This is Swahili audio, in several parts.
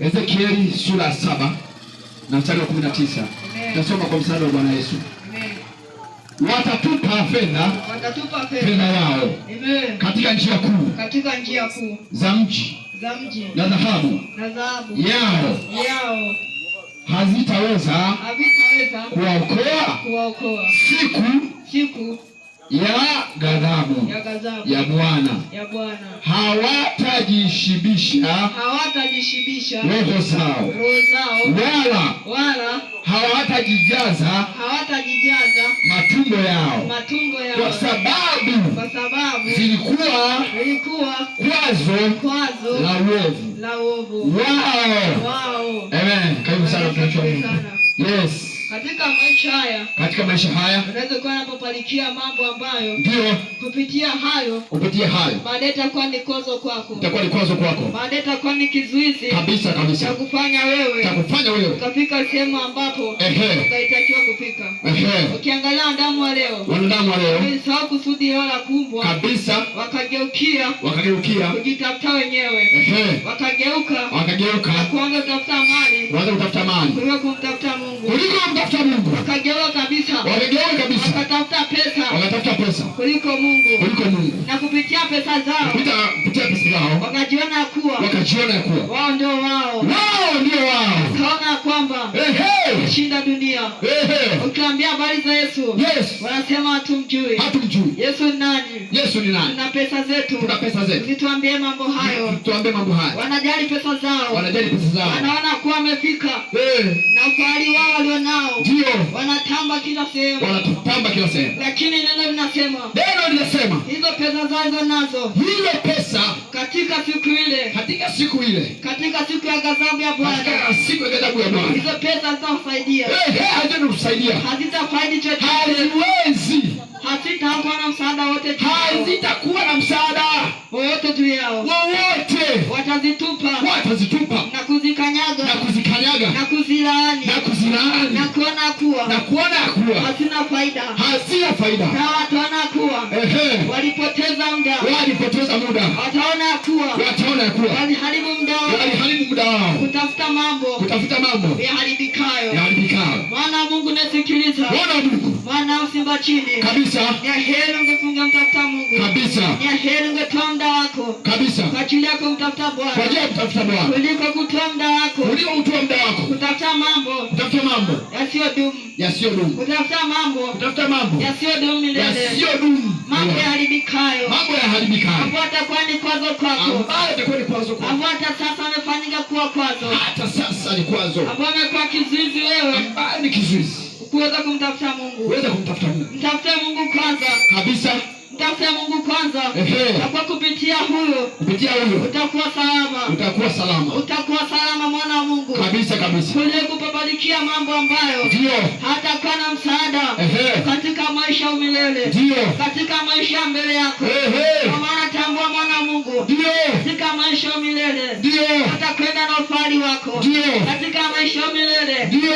Ezekieli sura saba na mstari wa kumi na tisa tasoma kwa msaada wa Bwana Yesu. Watatupa fedha fedha yao katika njia kuu za mji na dhahabu yao, yao hazitaweza kuwaokoa siku ya ghadhabu ya Bwana hawatajishibisha roho zao wala, hawatajijaza matumbo yao, kwa sababu, zilikuwa kwazo, la uovu wao. Amen. Karibu sana mtumishi wa Mungu. Yes. Katika maisha haya, katika maisha haya unaweza kuwa napopalikia mambo ambayo ndio kupitia hayo, kupitia hayo baadaye itakuwa ni kozo kwako, itakuwa ni kozo kwako, baadaye itakuwa ni kizuizi kabisa kabisa, kufanya wewe, cha kufanya wewe ukafika sehemu ambapo ehe, utaitakiwa kufika ehe. Ukiangalia wanadamu wa leo, wanadamu wa leo wamesahau kusudi lao la kuumbwa kabisa, wakageukia, wakageukia kujitafuta wenyewe ehe, wakageuka, wakageuka kuanza kutafuta mali, kuanza kutafuta mali kuliko kumtafuta Mungu kuliko kumtafuta Mungu. Wakageuka kabisa. Waligeuka kabisa. Wakatafuta pesa. Wakatafuta pesa. Kuliko Mungu. Kuliko Mungu. Na kupitia pesa zao. Kupita kupitia pesa zao. Wakajiona kuwa. Wakajiona kuwa. Wao ndio wao. Wao ndio wao. Kaona kwamba. Ehe. Shinda dunia. Ehe. Ukiambia habari za Yesu. Yes. Wanasema hatumjui. Hatumjui. Yesu ni nani? Yesu ni nani? Tuna pesa zetu. Tuna pesa zetu. Msituambie mambo hayo. Msituambie mambo hayo. Wanajali pesa zao. Wanajali pesa zao. Wanaona kuwa amefika. Eh ufahari wao walionao ndio wanatamba kila sehemu, wanatamba kila sehemu. Lakini neno linasema, neno linasema hizo pesa zazo nazo, hizo pesa katika siku ile, katika siku ile, katika siku ya ghadhabu ya Bwana, katika siku ya ghadhabu ya Bwana, hizo pesa zao faidia eh, hey, eh, hey, hazitakusaidia, hazitafaidi chochote hazitakuwa na msaada wowote juu yao, wowote watazitupa, watazitupa na kuzikanyaga, na kuzikanyaga, na kuzilaani, na kuzilaani, na kuona kuwa, na kuona kuwa hazina faida, hazina faida. na wataona kuwa ehe, walipoteza muda, walipoteza muda, wataona kuwa, wataona kuwa waliharibu muda wao, waliharibu muda wao kutafuta mambo, kutafuta mambo ya ya yaharibikayo Umesikiliza. Bwana Mungu. Mwana usimba chini. Kabisa. Ya heri ungefunga mtafuta Mungu kabisa, ni heri ungetoa muda wako kabisa kwa ajili ya kumtafuta Bwana, kwa ajili ya kumtafuta Bwana kuliko kutoa muda wako, kuliko kutoa muda wako kutafuta mambo, kutafuta mambo dumu, yasiyodumu, dumu, kutafuta mambo, kutafuta mambo yasiyodumu milele, yasiyodumu, mambo yaharibikayo, mambo yaharibikayo, ambayo atakuwa ni kwazo kwako, ambayo atakuwa ni kwazo kwako, ambayo hata sasa amefanyika kuwa kwazo, hata sasa ni kwazo, ambayo amekuwa kizuizi wewe, ambayo ni kizuizi kuweza kumtafuta Mungu, kuweza kumtafuta Mungu. Mtafute Mungu kwanza kabisa, mtafute Mungu kwanza na kwa kupitia huyo kupitia huyo utakuwa salama utakuwa salama utakuwa salama mwana wa Mungu kabisa kabisa kule kupabarikia mambo ambayo ndio hata kwa na msaada Ehe. katika maisha umilele ndio katika maisha mbele yako Ehe. kwa maana tambua mwana wa Mungu ndio katika maisha umilele ndio hata kwenda na ufali wako ndio katika maisha umilele ndio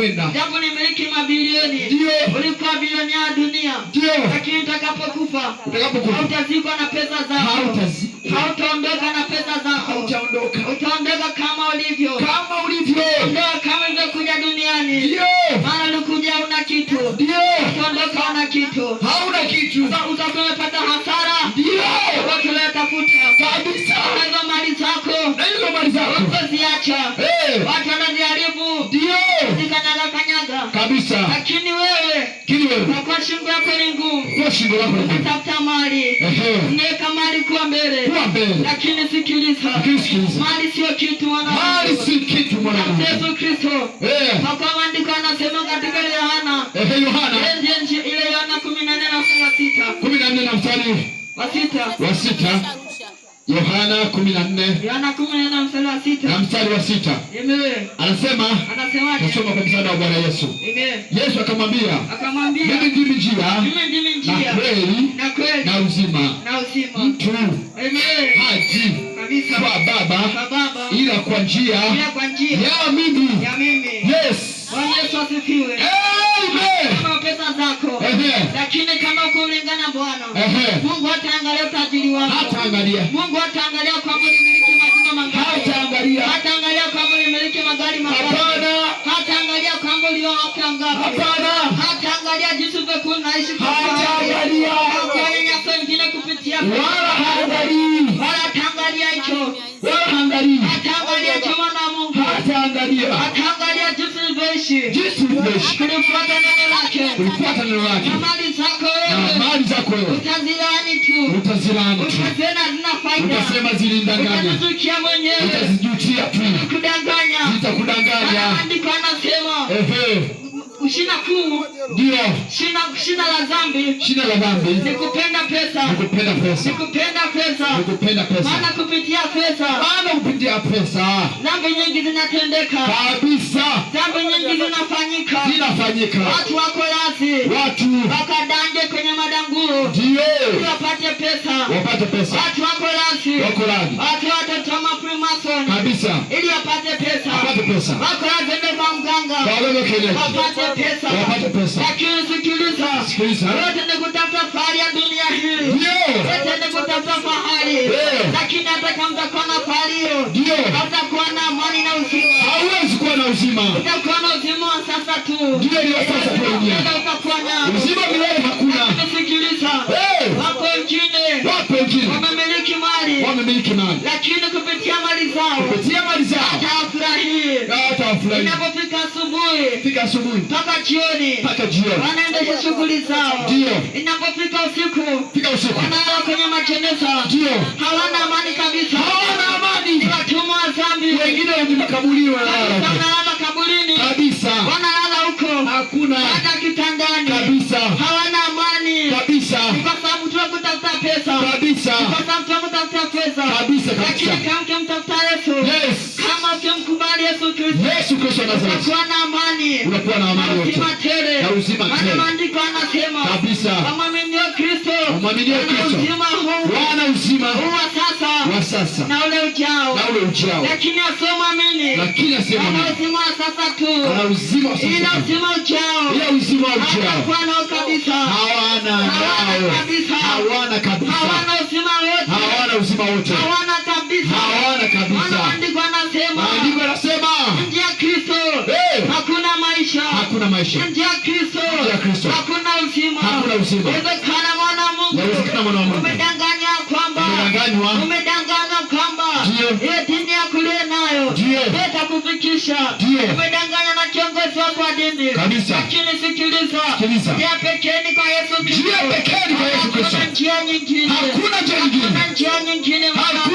kwenda, japo nimiliki mabilioni, ndio ulikuwa bilioni ya dunia, ndio lakini utakapokufa, utakapokufa hautazikwa na pesa zako, hautazikwa, hautaondoka na pesa zako, hautaondoka, utaondoka kama ulivyo, kama ulivyo, ndio kama ulivyokuja duniani, ndio maana ulikuja una kitu, ndio utaondoka una kitu, hauna kitu, utakuwa umepata hasara, ndio watu leo tafuta kabisa na mali zako, na hizo mali zako usiacha kabisa. Lakini wewe, kini wewe, na kwa shingo yako ni ngumu, kwa shingo yako ni ngumu, tafuta mali, ehe, weka mali kwa mbele, kwa mbele. Lakini sikiliza, lakini sikiliza, mali sio kitu mwana, mali si kitu mwana. Yesu Kristo, eh, kwa kwa maandiko anasema katika Yohana, ehe, Yohana, ile Yohana 14 na 6, 14 na mstari wa 6, wa 6 Yohana kumi na nne na mstari wa 6 Amen. Anasema anasemaje? kwa msaada wa Bwana Yesu. Amen. Yesu akamwambia akamwambia, mimi ndimi njia, mimi ndimi njia na kweli na kweli na uzima na uzima. Mtu Amen. haji kabisa kwa baba kwa baba ila kwa njia ila kwa njia ya mimi ya mimi. Yes. Bwana Yesu asifiwe. Eh, lakini kama uko ulingana Bwana, Mungu hataangalia utajiri wako. Hataangalia. Mungu hataangalia kwa mwili miliki majumba mangapi. Hataangalia. Hataangalia kwa mwili miliki magari mangapi. Hapana. Hataangalia kwa mwili wa wake wangapi. Hapana. Hataangalia jinsi unavyonaishi. Hataangalia. Hataangalia wengine kupitia. Wow. nchi jinsi mlivyoishi, neno lake, kulifuata neno lake, na mali zako wewe, na mali zako wewe utazilaani tu, utazilaani tu, utasema zina faida, utasema zilindanganya, utazijutia mwenyewe, utazijutia tu, kudanganya, zitakudanganya. Maandiko anasema ehe Shina kuu ndio shina, shina la dhambi, shina la dhambi ni kupenda pesa, ni kupenda pesa, ni kupenda pesa, ni kupenda pesa. Maana kupitia pesa, maana kupitia pesa dhambi nyingi zinatendeka kabisa, dhambi nyingi zinafanyika, zinafanyika. Watu wako lazi, watu wakadanje kwenye madanguro, ndio wapate pesa, wapate pesa. Watu wako lazi, wako lazi, watu watatamafrimason kabisa, ili wapate pesa, wapate pesa, wako lazi wapate pesa, wakisikiliza wote ni kutafuta fahari ya dunia hii, wote ni kutafuta fahari, lakini hata kama utakuwa na fahari hiyo, hautakuwa na amani na uzima, hauwezi kuwa na uzima, utakuwa na uzima wa sasa tu, ndio ni sasa tu, utakuwa na uzima milele, hakuna. Sikiliza, wapo wengine, wapo wengine wamemiliki mali, wamemiliki mali, lakini kupitia mali zao, kupitia mali zao hawafurahii, hawafurahii inapofika fika asubuhi mpaka jioni, mpaka jioni wanaendesha shughuli zao, ndio inapofika usiku, fika usiku wanalala kwenye majeneza, ndio hawana amani kabisa, hawana amani, watumwa wa dhambi. Wengine wenye makaburi wanalala makaburini kabisa, wanalala huko, hakuna hata kitandani kabisa, hawana amani kabisa, kwa sababu tu kutafuta pesa kabisa, kwa sababu tu kutafuta pesa kabisa kabisa, lakini kama mtafuta Yesu, yes, kama ukimkubali Yesu Kristo, Yesu Kristo anazalisha, utakuwa amani unakuwa na amani yote na uzima tele. Maandiko anasema kabisa, amwaminie Kristo, amwaminie Kristo, wana uzima wa sasa na ule ujao, na ule ujao. Lakini asema amini, lakini asema amini, ana uzima wa sasa tu, ana uzima wa sasa, ila uzima ujao, ila uzima ujao, hawana kabisa, hawana hawana kabisa, hawana kabisa, hawana uzima wote, hawana uzima wote, hawana Hakuna uzima. Umekana mwana wa Mungu. Umekana mwana wa Mungu. Umedanganya kwamba. Umedanganywa. Umedanganywa kwamba. Ndio. Ile dini ya ulio nayo. Ndio. kufikisha. Ndio. Umedanganya na kiongozi wako wa dini. Kabisa. Lakini sikiliza. Sikiliza. Ndio pekeni kwa Yesu Kristo. Ndio pekeni kwa Yesu Kristo. Hakuna njia nyingine. Hakuna njia nyingine. Hakuna njia nyingine. Hakuna